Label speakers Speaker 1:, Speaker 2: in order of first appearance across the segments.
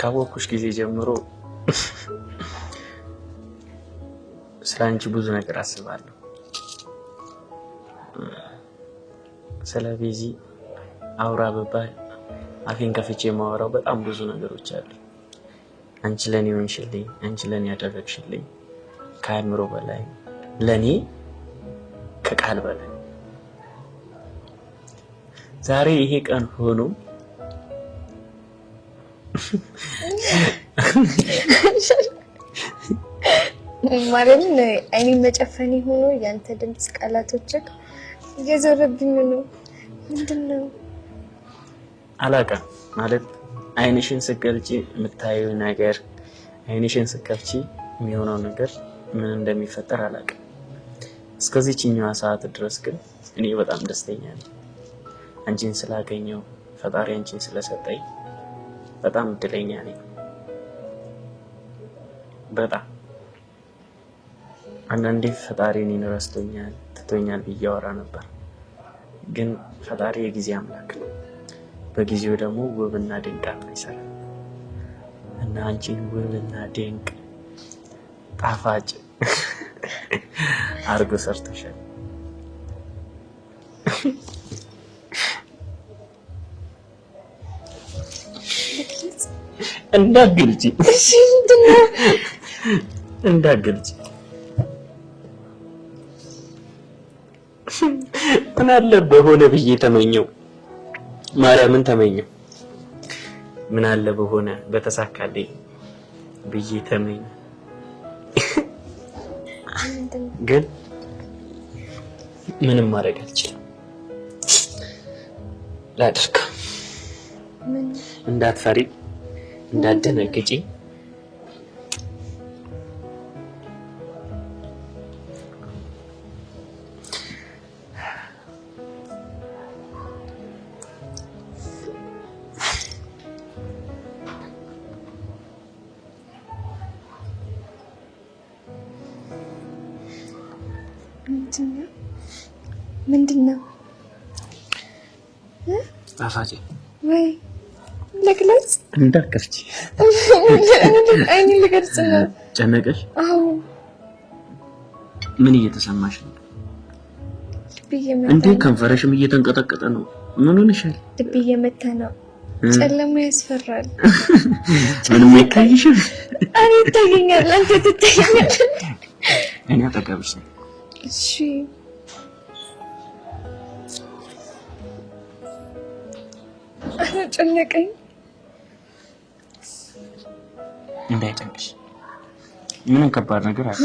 Speaker 1: ካወኩሽ ጊዜ ጀምሮ ስለ አንቺ ብዙ ነገር አስባለሁ። ስለ ቤዚ አውራ በባል አፌን ከፍቼ የማወራው በጣም ብዙ ነገሮች አሉ። አንቺ ለእኔ ሆንሽልኝ፣ አንቺ ለእኔ ያደረግሽልኝ ከአእምሮ በላይ ለእኔ ከቃል በላይ ዛሬ ይሄ ቀን ሆኖ
Speaker 2: ማርያምን አይኔ መጨፈኔ ሆኖ ያንተ ድምፅ ቃላቶች እየዞረብኝ ነው። ምንድን ነው
Speaker 1: አላውቅም። ማለት አይንሽን ስገልጭ የምታየው ነገር አይንሽን ስከፍቺ የሚሆነው ነገር ምን እንደሚፈጠር አላውቅም። እስከዚህ ሰዓት ድረስ ግን እኔ በጣም ደስተኛ ነኝ። አንቺን ስላገኘው ፈጣሪ አንቺን ስለሰጠኝ በጣም እድለኛ ነኝ። በጣም አንዳንዴ ፈጣሪ እኔን ረስቶኛል ትቶኛል ብዬ አወራ ነበር። ግን ፈጣሪ የጊዜ አምላክ ነው። በጊዜው ደግሞ ውብና ድንቅ አድርጎ ይሰራል እና አንቺን ውብና ድንቅ ጣፋጭ አድርጎ ሰርቶሻል። እንዳገልጪ እንዳገልጪ ምን አለ በሆነ ብዬ ተመኘው። ማርያምን ተመኘው። ምን አለ በሆነ በተሳካልኝ ብዬ ተመኘው ግን ምንም ማድረግ አልችልም። ላድርግ እንዳትፈሪ እንዳደነግጪ ምንድን ነው አፋቴ
Speaker 2: ወይ ለግለጽ እንዳከፍች አይኔን ልገልጽ ነው። ጨነቀሽ? አዎ።
Speaker 1: ምን እየተሰማሽ ነው? እንዴ ከንፈረሽም እየተንቀጠቀጠ ነው። ምን ሆነሻል?
Speaker 2: ልቤ እየመታ ነው። ጨለማ ያስፈራል።
Speaker 1: ምንም አይታይሽም?
Speaker 2: እኔ ይታየኛል። አንተ ትታየኛለህ።
Speaker 1: እኔ አጠገብሽ ነኝ።
Speaker 2: እሺ ጨነቀኝ።
Speaker 1: እንዳይጨንቅሽ። ምንም ከባድ ነገር አለ።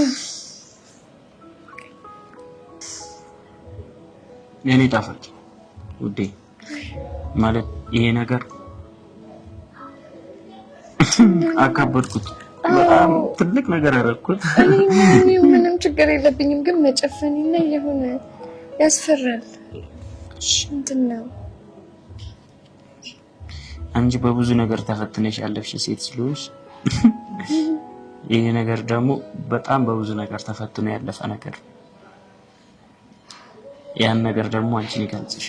Speaker 1: የእኔ ጣፋጭ ውዴ ማለት ይሄ ነገር አካበድኩት። በጣም ትልቅ ነገር አደረኩት።
Speaker 2: ምንም ችግር የለብኝም፣ ግን እና የሆነ ያስፈራል። እንትን ነው
Speaker 1: አንቺ በብዙ ነገር ተፈትነሽ ያለፍሽ ሴት ስለሆንሽ ይህ ነገር ደግሞ በጣም በብዙ ነገር ተፈትኖ ያለፈ ነገር ያን ነገር ደግሞ አንቺን ይገልጽሽ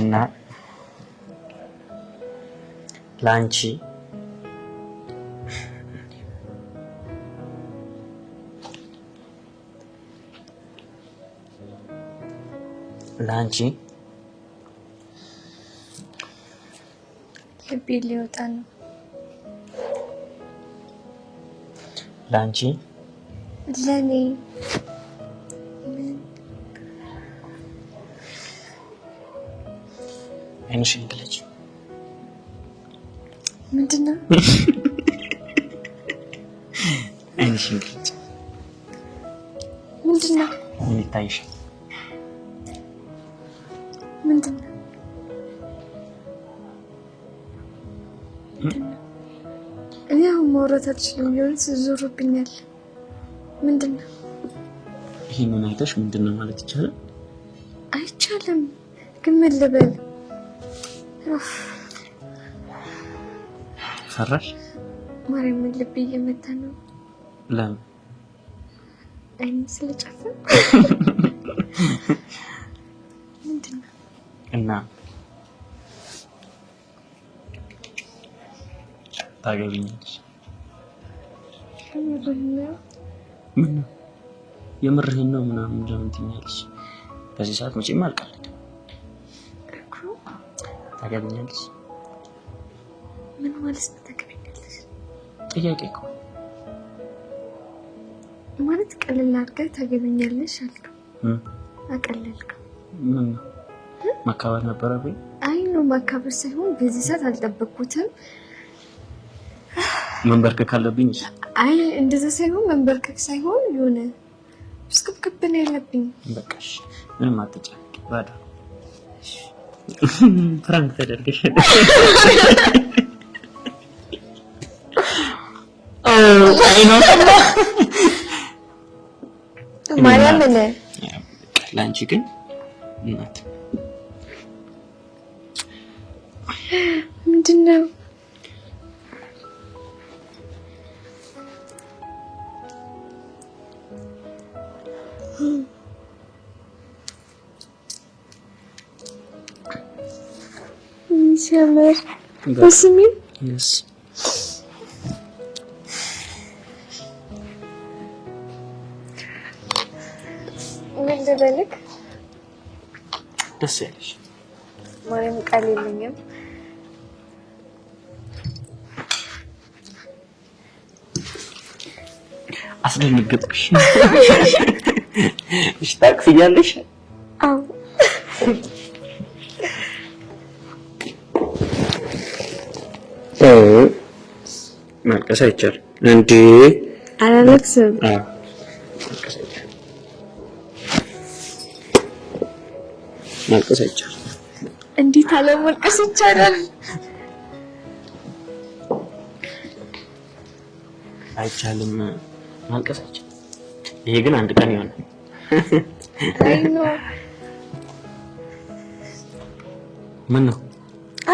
Speaker 1: እና ለአንቺ ለአንቺ
Speaker 2: ልቤ ሊወጣ ነው። ለአንቺ ለእኔ
Speaker 1: አይንሽን ግለጭ። ምንድን ነው? አይንሽን ግለጭ። ምንድን ነው? ምን ይታይሻል?
Speaker 2: ማውራት አልችልም። ቢሆንስ ዞሩብኛል። ምንድን ነው
Speaker 1: ይህንን አይተሽ ምንድን ነው ማለት ይቻላል?
Speaker 2: አይቻልም። ግን ምን ልበል? ፈራሽ? ማርያም ልቤ እየመታ ነው። ለምን? አይኔ ስለጨፈን ምንድን ነው
Speaker 1: እና ታገቢኛለሽ
Speaker 2: ምን
Speaker 1: ነው የምርህን ነው ምናምን ለምን ትኛለች? በዚህ ሰዓት መቼም አልቀልድም። ታገብኛለች።
Speaker 2: ምን ማለት ነው ታገብኛለች? ጥያቄ እኮ ማለት ቀለል አድርገህ ታገብኛለች አልከው፣ አቀለልከው።
Speaker 1: ምን ነው ማካበር ነበረብኝ?
Speaker 2: አይ ነው ማካበር ሳይሆን በዚህ ሰዓት አልጠበቅኩትም።
Speaker 1: መንበርከክ አለብኝ።
Speaker 2: አይ እንደዛ ሳይሆን መንበርከክ ሳይሆን የሆነ ስክብክብ ነው ያለብኝ።
Speaker 1: በቃ እሺ፣ ምንም አትጨነቂ። ባዶ ፍራንክ ተደርገሻል። ማርያምን ለአንቺ ግን እናት
Speaker 2: ምንድን ነው ሲጀምር ደስ የሚል ምን ልበልክ? ደስ ያለሽ ማርያም፣ ቃል የለኝም።
Speaker 1: አስደነገጥኩሽ። እሺ ታክፍያለሽ? አዎ ማልቀስ አይቻልም። እንዴ
Speaker 2: አላለቅስም።
Speaker 1: ማልቀስ አይቻልም።
Speaker 2: እንዴት አለማልቀስ ይቻላል?
Speaker 1: አይቻልም። ማልቀስ አይቻልም። ይሄ ግን አንድ ቀን ይሆናል። ምን ነው?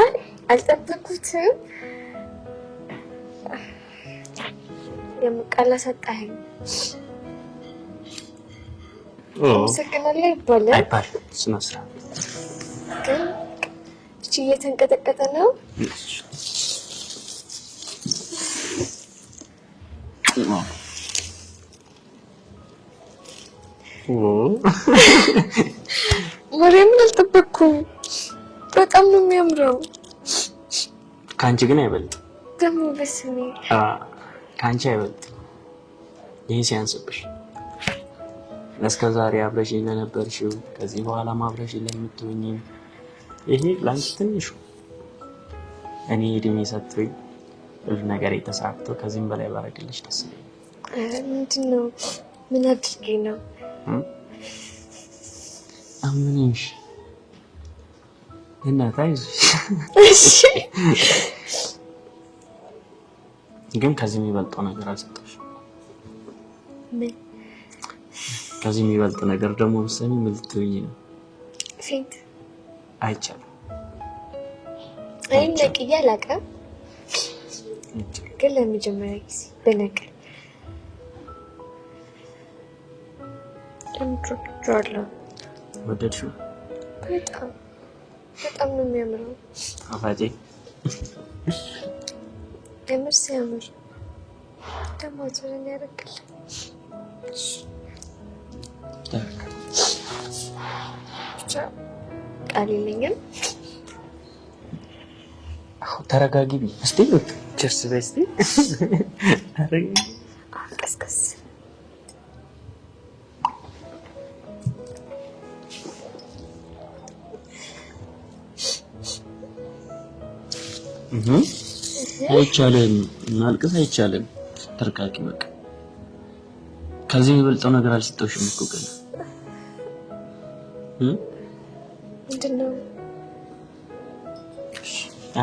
Speaker 2: አይ አልጠበኩትም። የምቃላ ሰጣኸኝ። ምስግናለ ይባላል
Speaker 1: አይባል ስነ ስርዓት
Speaker 2: ግን እየተንቀጠቀጠ ነው። ማርያምን አልጠበኩም። በጣም ነው የሚያምረው።
Speaker 1: ከአንቺ ግን አይበልጥ
Speaker 2: ደግሞ በስሜ
Speaker 1: ከአንቺ አይበልጥም። ይህ ሲያንስብሽ እስከ ዛሬ አብረሽኝ ለነበርሽው ከዚህ በኋላም አብረሽኝ ለምትሆኝም ይሄ ለአንቺ ትንሹ እኔ እድሜ ሰጥቶኝ ሁሉ ነገር የተሳክቶ ከዚህም በላይ ባረግልሽ ደስ
Speaker 2: ምንድን ነው? ምን አድርጌ ነው
Speaker 1: አምንሽ? እና ታይዞሽ ግን ከዚህ የሚበልጠው ነገር አልሰጠሽ። ከዚህ የሚበልጥ ነገር ደግሞ ብትሰሚ ምን ልትሆኝ ነው? ሴት አይቻልም።
Speaker 2: እኔም ነቅዬ አላውቅም፣ ግን ለመጀመሪያ ጊዜ በነቅል ለምትወደዋለሁ። ወደድሽው? በጣም በጣም ነው የሚያምረው ጣፋጭ የምር ሲያምር ደግሞ አዙረን ያደርግል። ብቻ ቃል የለኝም።
Speaker 1: ተረጋጊ። ስ ችርስ በስቲ አይቻልም፣ ማልቀስ አይቻልም። ተርቃቂ በቃ ከዚህ የሚበልጠው ነገር አልሰጠውሽም እኮ ቀን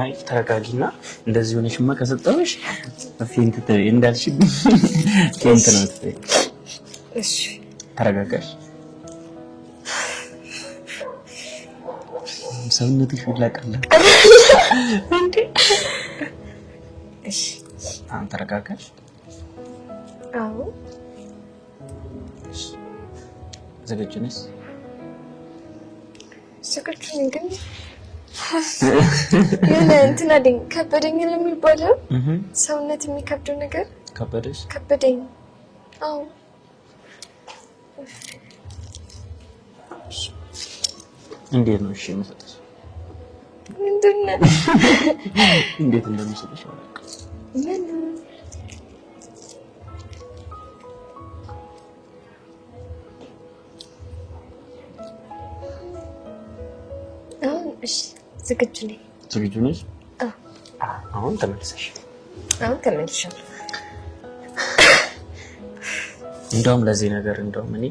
Speaker 1: አይ ተረጋጊና፣ እንደዚህ ሆነሽማ ከሰጠሁሽ ፌንት ተይ እንዳልሽ ፌንት ነው ተይ። እሺ ተረጋጋሽ። ሰውነትሽ ሁላ ቀላል እንዴ እሺ አሁን ተረጋጋሽ? አዎ። ዝግጁ ነሽ?
Speaker 2: ዝግጁ ነኝ ግን የሆነ እንትን አለኝ ከበደኝ ለሚባለው ሰውነት የሚከብደው ነገር ከበደሽ? ከበደኝ። አዎ።
Speaker 1: እንዴት ነው እሺ የምሰጥሽ? ምንድን ነው እንዴት እንደምሰጥሽ
Speaker 2: ዝግጁ ነኝ።
Speaker 1: ዝግጁ ነሽ? አሁን ተመልሰሽ አሁን እንደውም ለዚህ ነገር እንደውም እኔ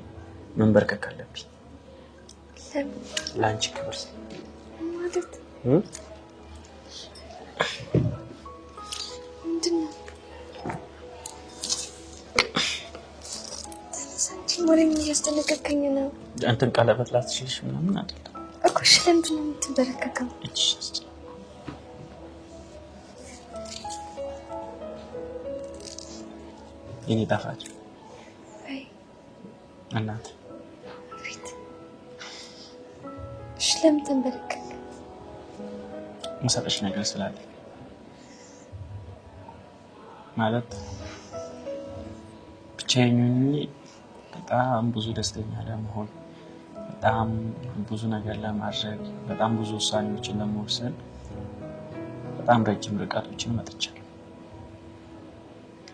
Speaker 1: መንበርከክ አለብኝ ለአንቺ ክብር
Speaker 2: ማለት ሞራል እያስጠነቀቀኝ ነው።
Speaker 1: አንተን ቀለበት ላትችልሽ ምናምን አይደለም
Speaker 2: እኮ። እሺ ለምንድን ነው የምትበረከከው?
Speaker 1: የኔ ጣፋጭ እናት
Speaker 2: እሺ ለምን ተንበረከክ?
Speaker 1: መሰጠሽ ነገር ስላለ ማለት ብቻዬን በጣም ብዙ ደስተኛ ለመሆን በጣም ብዙ ነገር ለማድረግ በጣም ብዙ ውሳኔዎችን ለመወሰን በጣም ረጅም ርቀቶችን መጥቻለሁ።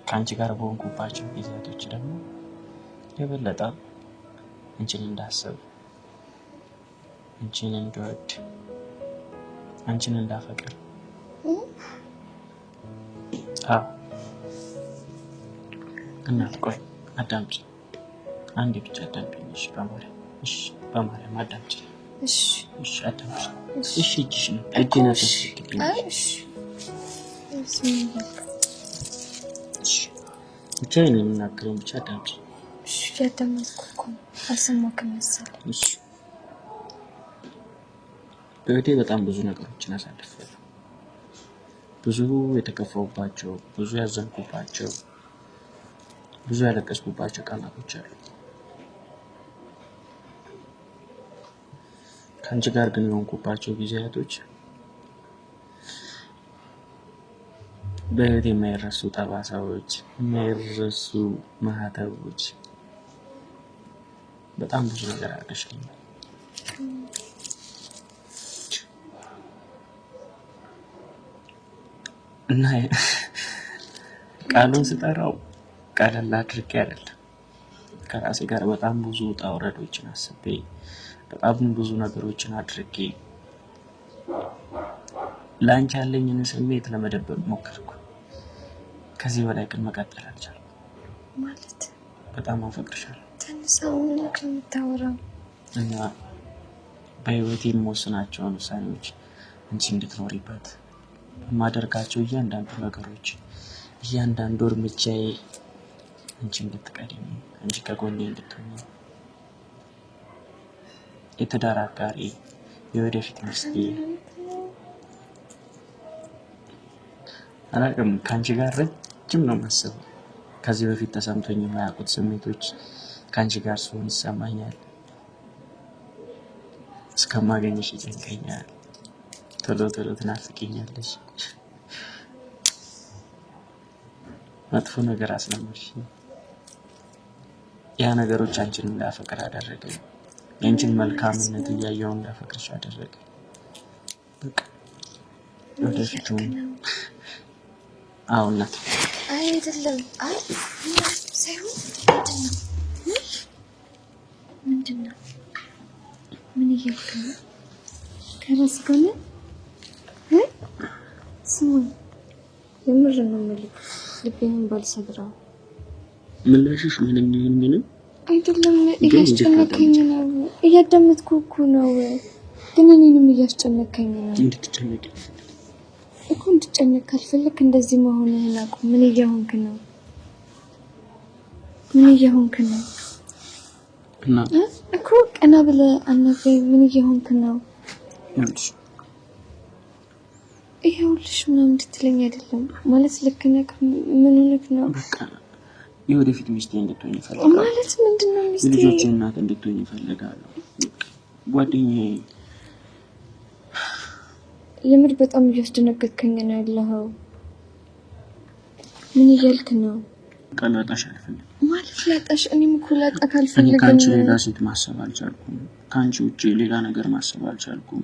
Speaker 1: ከአንቺ ጋር በሆንኩባቸው ጊዜያቶች ደግሞ የበለጠ አንቺን እንዳስብ፣ አንቺን እንድወድ፣ አንቺን እንዳፈቅር እናት ቆይ አዳምጪ አንድ ብቻ አዳምጪኝ በማርያም እሺ፣ በማርያም አዳምጪኝ እሺ፣ እሺ፣ አዳምጪኝ እሺ። እጅሽ ነው እጅና ተስኪብኝ እሺ፣ እሺ፣ ብቻ ነው የምናገረው ብቻ አዳምጪኝ
Speaker 2: እሺ። ያዳመጥኩ እኮ አልሰማክም መሰለኝ። እሺ፣
Speaker 1: በህይወቴ በጣም ብዙ ነገሮችን አሳልፌያለሁ። ብዙ የተከፋውባቸው፣ ብዙ ያዘንኩባቸው፣ ብዙ ያለቀስኩባቸው ቀናቶች አሉ። ከአንቺ ጋር ግን የሆንኩባቸው ጊዜያቶች በህይወት የማይረሱ ጠባሳዎች፣ የማይረሱ ማህተቦች በጣም ብዙ ነገር አድርገሽኛል። እና ቃሉን ስጠራው ቀለል አድርጌ አይደለም ከራሴ ጋር በጣም ብዙ ውጣ ውረዶችን አስቤ በጣም ብዙ ነገሮችን አድርጌ ለአንቺ ያለኝን ስሜት ለመደበቅ ሞከርኩ። ከዚህ በላይ ግን መቀጠል አልቻልኩም። ማለት በጣም አፈቅርሻለሁ።
Speaker 2: ተነሳው ከምታወራው
Speaker 1: እና በህይወት የምወስናቸውን ውሳኔዎች አንቺ እንድትኖሪበት በማደርጋቸው እያንዳንዱ ነገሮች፣ እያንዳንዱ እርምጃዬ አንቺ እንድትቀድሚ፣ አንቺ ከጎኔ እንድትሆኝ የትዳር አጋሪ፣ የወደፊት ሚስቴ አላቅም። ከአንቺ ጋር ረጅም ነው ማስበው። ከዚህ በፊት ተሰምቶኝ የማያውቁት ስሜቶች ከአንቺ ጋር ሲሆን ይሰማኛል። እስከማገኘሽ ይጨንቀኛል። ቶሎ ቶሎ ትናፍቅኛለሽ። መጥፎ ነገር አስለመድሽ። ያ ነገሮች አንቺን እንዳፈቅር አደረገኝ። የእንችን መልካምነት እያየው እንዳፈቅርሽ አደረገ። ወደፊቱ አዎ፣ እናት
Speaker 2: አይደለም። አይ ሳይሆን ምንድን ነው ምን እያልክ ነው? ጋር ስሙኝ፣ የምር ነው የምልህ ልቤንም ባልሰብረው
Speaker 1: ምላሽሽ ምንም ይሁን ምንም
Speaker 2: አይደለም እያስጨነከኝ ነው። እያዳመጥኩ እኮ ነው፣ ግን እኔንም እያስጨነቀኝ ነው። እንድትጨነቅ እኮ እንድጨነቅ ካልፈለክ እንደዚህ መሆንህን አቁም። ምን እያሆንክ ነው? ምን እያሆንክ ነው እኮ ቀና ብለህ አናግረኝ። ምን እየሆንክ ነው? ይኸውልሽ ምናምን እንድትለኝ አይደለም ማለት ልክ ነህ። ምን ሆነህ ነው?
Speaker 1: የወደፊት ሚስቴ እንድትሆኝ ይፈልጋል።
Speaker 2: ማለት ምንድን ነው? ሚስቴ የልጆች
Speaker 1: እናት እንድትሆኝ ይፈልጋለሁ። ጓደኛዬ፣
Speaker 2: የምር በጣም እያስደነገጥከኝ ነው ያለኸው። ምን እያልክ ነው?
Speaker 1: ቀላጣሽ አልፈልግም
Speaker 2: ማለት ላጣሽ። እኔም እኮ ላጣ ካልፈልግም
Speaker 1: ከአንቺ ሌላ ሴት ማሰብ አልቻልኩም። ከአንቺ ውጭ ሌላ ነገር ማሰብ አልቻልኩም።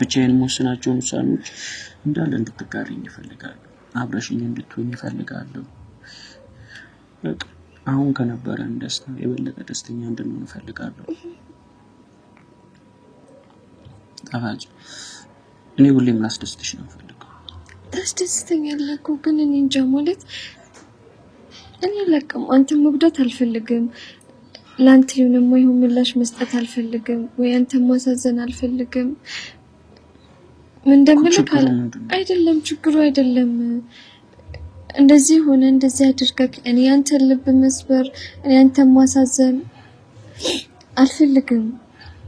Speaker 1: ብቻዬን መወስናቸውን ውሳኔዎች እንዳለ እንድትጋሪኝ ይፈልጋለሁ። አብረሽኝ እንድትሆኝ ይፈልጋለሁ። አሁን ከነበረን ደስታ የበለጠ ደስተኛ እንድንሆን እፈልጋለሁ። ጣፋጭ፣ እኔ ሁሌም ላስደስትሽ ነው እምፈልገው።
Speaker 2: ታስደስተኛለህ እኮ ግን እኔ እንጃ ማለት እኔ ለቅም አንተን መጉዳት አልፈልግም። ለአንተ የሆነማ ይሁን ምላሽ መስጠት አልፈልግም፣ ወይ አንተን ማሳዘን አልፈልግም። ምን እንደምልህ አይደለም፣ ችግሩ አይደለም እንደዚህ ሆነ እንደዚህ አድርገክ እኔ አንተ ልብ መስበር እኔ አንተ ማሳዘን አልፈልግም፣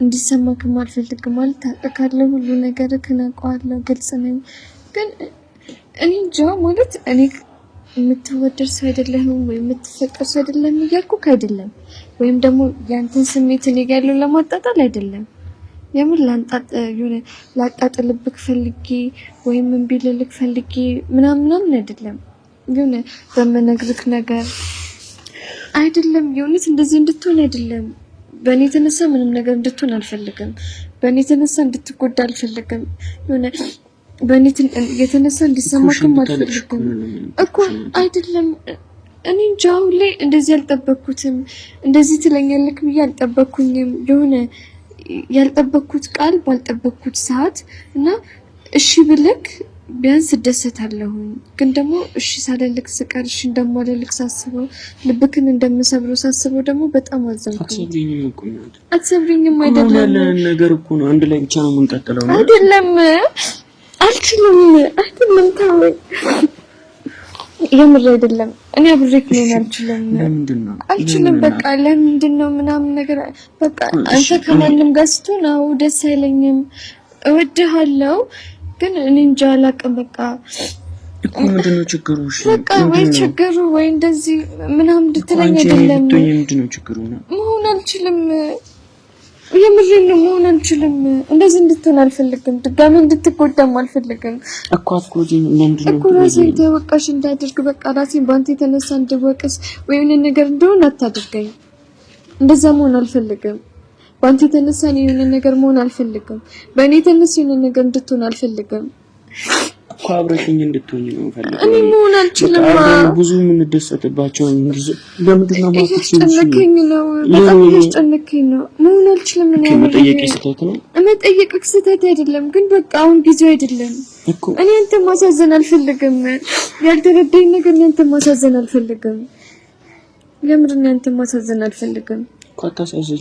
Speaker 2: እንዲሰማክም አልፈልግም። ማለት ታውቃለህ፣ ሁሉ ነገር ከናቀዋለሁ፣ ግልጽ ነኝ። ግን እኔ እንጃ ማለት እኔ የምትወደድ ሰው አይደለህም ወይም የምትፈቀር ሰው አይደለም እያልኩክ አይደለም፣ ወይም ደግሞ ያንተን ስሜት እኔ ጋር ያለው ለማጣጣል አይደለም። የምን ላንጣጥ ላጣጥ ልብክ ፈልጌ ወይም እምቢ ልልክ ፈልጌ ምናምን ምናምን አይደለም። ግን በምነግርህ ነገር አይደለም። የእውነት እንደዚህ እንድትሆን አይደለም። በእኔ የተነሳ ምንም ነገር እንድትሆን አልፈልግም። በእኔ የተነሳ እንድትጎዳ አልፈልግም። የሆነ በእኔ የተነሳ እንዲሰማክም አልፈልግም እኮ አይደለም። እኔ እንጃ አሁን ላይ እንደዚህ አልጠበቅኩትም። እንደዚህ ትለኛለክ ብዬ አልጠበቅኩኝም። የሆነ ያልጠበቅኩት ቃል ባልጠበቅኩት ሰዓት እና እሺ ብለክ ቢያንስ እደሰታለሁኝ። ግን ደግሞ እሺ ሳለልክ ስቀር እሺ እንደማለልክ ሳስበው ልብክን እንደምሰብረው ሳስበው ደግሞ በጣም አዘንኩኝ። አትሰብሪኝም
Speaker 1: አይደለም ነገር እኮ ነው። አንድ ላይ ብቻ ነው የምንቀጥለው
Speaker 2: አይደለም። አልችልም አይደለም። ታወኝ የምር አይደለም። እኔ አብሬክ ነው አልችልም። አልችልም በቃ ለምንድን ነው ምናምን ነገር በቃ አንተ ከማንም ጋር ስትሆን አዎ ደስ አይለኝም። እወድሃለሁ ግን እኔ እንጃ አላውቅም። በቃ
Speaker 1: እኮ ምንድን ነው ችግሩ?
Speaker 2: በቃ ወይ ችግሩ ወይ እንደዚህ ምናምን እንድትለኝ አይደለም።
Speaker 1: ምንድን ነው ችግሩ?
Speaker 2: መሆን አልችልም። የምሬን ነው። መሆን አልችልም። እንደዚህ እንድትሆን አልፈልግም። ድጋሚ እንድትጎዳም አልፈልግም
Speaker 1: እኮ አትጎጂኝ። ለምንድን ነው
Speaker 2: እኮ ራሴን ተወቃሽ እንዳደርግ በቃ ራሴን በአንተ የተነሳ እንድወቅስ ወይም ነገር እንደሆነ አታድርገኝ። እንደዛ መሆን አልፈልግም። በአንተ የተነሳ እኔ የሆነ ነገር መሆን አልፈልግም። በእኔ የተነሳ የሆነ ነገር እንድትሆን አልፈልግም
Speaker 1: እኮ አብረሽኝ እንድትሆኝ ነው የምፈልገው።
Speaker 2: እኔ መሆን አልችልም።
Speaker 1: ብዙ የምንደሰትባቸው እንግዲህ ለምንድን ነው እያስጨነከኝ
Speaker 2: ነው፣ በጣም እያስጨነከኝ ነው። መሆን አልችልም። እኔ
Speaker 1: መጠየቅ ስህተት ነው፣
Speaker 2: መጠየቅ ስህተት አይደለም፣ ግን በቃ አሁን ጊዜው አይደለም። እኔ አንተን ማሳዘን አልፈልግም። ያልተረዳኝ ነገር እኔ አንተን ማሳዘን አልፈልግም። ለምንድን ነው አንተን ማሳዘን አልፈልግም?
Speaker 1: ካታሳዘኝ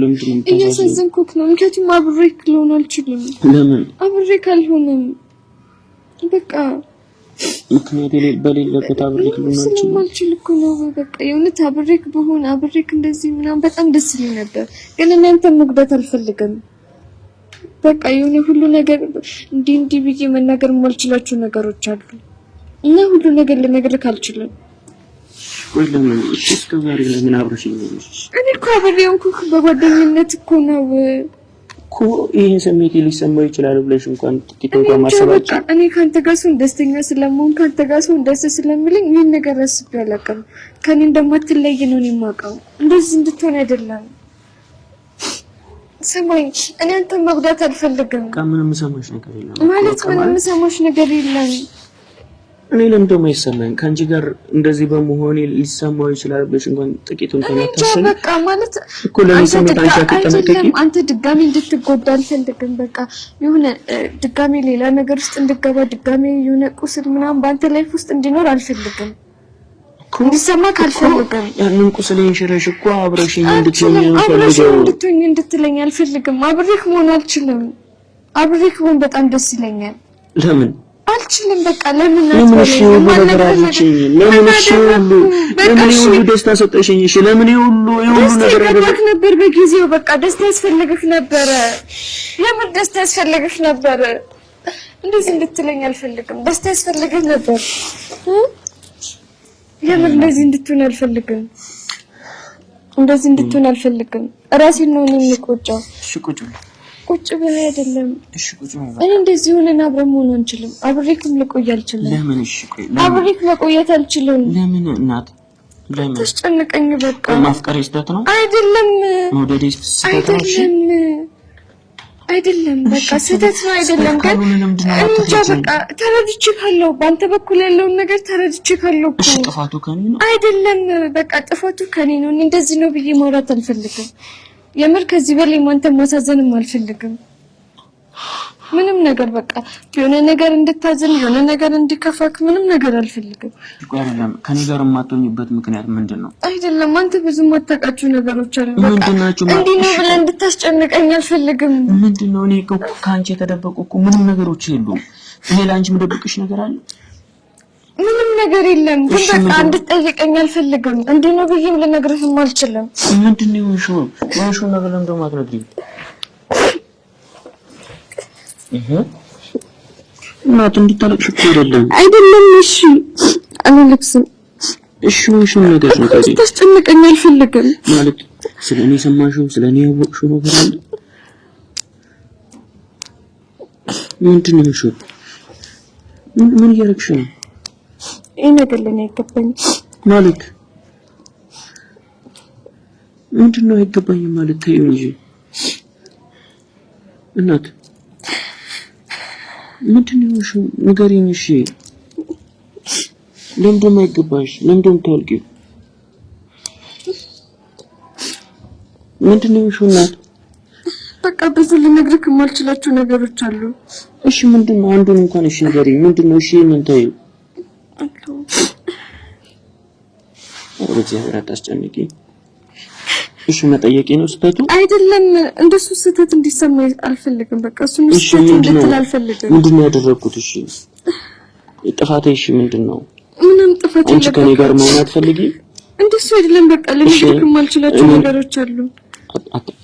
Speaker 1: ለምንድን ነው
Speaker 2: እያሳዘንኩህ ነው? ምክንያቱም አብሬ ልሆን አልችልም። ለምን አብሬ ካልሆንም በቃ
Speaker 1: ምክንያት በሌለበት አብሬክ ልሆን አልችልም። አልችል
Speaker 2: እኮ ነው በቃ የእውነት አብሬክ ብሆን አብሬክ እንደዚህ ምናምን በጣም ደስ ይለኝ ነበር፣ ግን እናንተ መግባት አልፈልግም። በቃ የሆነ ሁሉ ነገር እንዲህ እንዲህ ብዬ መናገር የማልችላቸው ነገሮች አሉ እና ሁሉ ነገር ልነግርህ አልችልም።
Speaker 1: ወይ ለምን እሺ፣ እስከ ዛሬ ለምን አብረሽ ይኖርሽ?
Speaker 2: እኔ እኮ አብሬው እንኩክ በጓደኝነት እኮ ነው
Speaker 1: እኮ ይሄን ስሜት ሊሰማው ይችላል ብለሽ እንኳን ጥቂት እንኳን ማሰባጭ
Speaker 2: እኔ ካንተ ጋር ሰው ደስተኛ ስለመሆን ካንተ ጋር ሰው ደስ ስለሚለኝ ይህን ነገር አስቤ አላውቅም። ከኔ እንደማትለይ ነው እኔ የማውቀው። እንደዚህ እንድትሆን አይደለም። ስማኝ፣ እኔ አንተን መጉዳት አልፈልግም።
Speaker 1: ከምንም ሰማሽ ነገር
Speaker 2: የለም ማለት ምንም ሰማሽ ነገር የለም
Speaker 1: እኔ ለምን ደግሞ አይሰማኝ? ከአንቺ ጋር እንደዚህ በመሆን ሊሰማው ይችላል ብለሽ እንኳን ጥቂቱን
Speaker 2: ከመታሰብ በቃ ማለት
Speaker 1: እኮ ለሚሰማት አንቺ
Speaker 2: አትጠነቀቂ። አንተ ድጋሚ እንድትጎዳ አልፈልግም። በቃ የሆነ ድጋሚ ሌላ ነገር ውስጥ እንድገባ ድጋሚ የሆነ ቁስል ምናምን በአንተ ላይፍ ውስጥ እንዲኖር አልፈልግም። እንዲሰማ ካልፈልግም
Speaker 1: ያንን ቁስል ይንሽረሽ እኮ አብረሽኝ እንድትሆኝ
Speaker 2: አብረሽኝ እንድትሆኝ እንድትለኝ አልፈልግም። አብሬክ መሆን አልችልም። አብሬክ መሆን በጣም ደስ ይለኛል። ለምን አልችልም። በቃ ለምን
Speaker 1: ለምን እሺ ሁሉ ነገር አልች ለምን እሺ ሁሉ ለምን ሁሉ ደስታ ሰጠሽኝ? እሺ ለምን ሁሉ ሁሉ
Speaker 2: ነገር ያደረክ ነበር በጊዜው በቃ ደስታ ያስፈልግህ ነበረ። ለምን ደስታ ያስፈልግህ ነበረ? እንደዚህ እንድትለኝ አልፈልግም። ደስታ ያስፈልግህ ነበር። ለምን እንደዚህ እንድትሆን አልፈልግም። እንደዚህ እንድትሆን አልፈልግም። ራሴን ነው እኔ የምቆጨው። እሺ ቁጭ ቁጭ ብለህ አይደለም።
Speaker 1: እሺ ቁጭ ብለህ
Speaker 2: እኔ እንደዚህ ሆነን አብረን መሆን አንችልም። አብሬክም ልቆይ አልችልም።
Speaker 1: ለምን? እሺ ቆይ
Speaker 2: አብሬክ መቆየት አልችልም።
Speaker 1: ለምን? እናት ለምን
Speaker 2: ታስጨንቀኝ? በቃ
Speaker 1: ማፍቀር ስህተት ነው አይደለም? መውደድ
Speaker 2: ስህተት ነው አይደለም? አይደለም በቃ ስህተት ነው አይደለም። ግን እንጃ በቃ ተረድቼ ካለው በአንተ በኩል ያለውን ነገር ተረድቼ ካለው
Speaker 1: እኮ ጥፋቱ ከኔ ነው
Speaker 2: አይደለም? በቃ ጥፋቱ ከኔ ነው። እንደዚህ ነው ብዬ ማውራት አልፈልግም። የምር ከዚህ በላይ አንተን ማሳዘንም አልፈልግም። ምንም ነገር በቃ የሆነ ነገር እንድታዘን የሆነ ነገር እንዲከፋክ ምንም ነገር አልፈልግም።
Speaker 1: ቆይ አይደለም ከኔ ጋር የማትሆኝበት ምክንያት ምንድን ነው?
Speaker 2: አይደለም አንተ ብዙ የማታውቃቸው ነገሮች አሉ።
Speaker 1: ምንድን ናቸው?
Speaker 2: እንዲህ ነው ብለህ እንድታስጨንቀኝ አልፈልግም።
Speaker 1: ምንድን ነው? እኔ ከአንቺ የተደበቁ እኮ ምንም ነገሮች የሉም። እኔ ለአንቺ የምደብቅሽ ነገር አለ
Speaker 2: ምንም ነገር የለም፣ ግን በቃ እንድትጠይቀኝ አልፈልግም። እንዲህ ነው ብዬም ልነግርህም አልችልም።
Speaker 1: ምንድን ነው የሆንሽው? የሆንሽውን ነገር ለምደ ደግሞ እናት እንድታለቅሽ እኮ አይደለም
Speaker 2: አይደለም። እሺ አላለቅስም።
Speaker 1: እሺ የሆንሽውን ነገር
Speaker 2: ነው ታስጨንቀኝ አልፈልግም።
Speaker 1: ማለት ስለ እኔ የሰማሽው ስለ እኔ ያወቅሽው ነገር አለ? ምንድን ነው የሆንሽው? ምን እያደረግሽ ነው?
Speaker 2: ይህ ነገር ለእኔ አይገባኝም።
Speaker 1: ማለት ምንድን ነው? አይገባኝም ማለት ተይው እንጂ እናት፣ ምንድን ነው የሆንሽው? ንገሪኝ እሺ። ለምንድን ነው አይገባሽ? ለምንድን ነው የምታወልቂው? ምንድን ነው እናት?
Speaker 2: በቃ ብዙ ልነግርህ የማልችላቸው ነገሮች አሉ።
Speaker 1: እሺ ምንድን ነው? አንዱን እንኳን እሺ ንገሪኝ። ምንድን ነው እሺ? ምን በእግዚአብሔር አታስጨንቂ። እሺ መጠየቄ ነው ስህተቱ
Speaker 2: አይደለም። እንደሱ ስህተት እንዲሰማ አልፈልግም። በቃ እሱ ስህተት እንድትል አልፈልግም።
Speaker 1: ምንድነው ያደረኩት? እሺ ጥፋቴ፣ እሺ ምንድን ነው? ምንም ጥፋት አንቺ ከኔ ጋር መሆን አትፈልጊ።
Speaker 2: እንደሱ አይደለም። በቃ ልንገርክም አልችላቸው ነገሮች አሉ።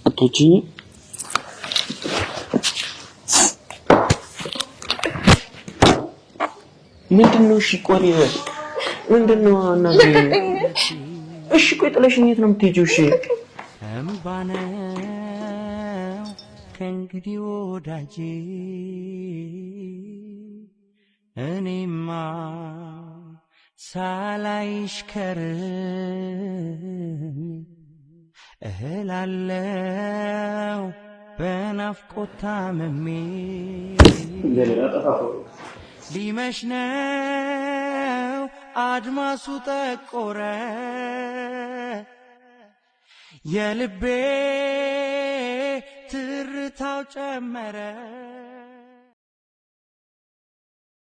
Speaker 1: አትወጪኝ ምንድን ነው? እሺ ቆይ ምንድን ነው እናቴ? እሺ ቆይ ጥለሽኝ የት ነው የምትሄጂው? እሺ እምባነው ከእንግዲህ ወዳጄ እኔማ ሳላይሽ ከርም እህላለው በናፍቆት ታምሜ ሊመሽ ነው አድማሱ ጠቆረ፣ የልቤ ትርታው ጨመረ።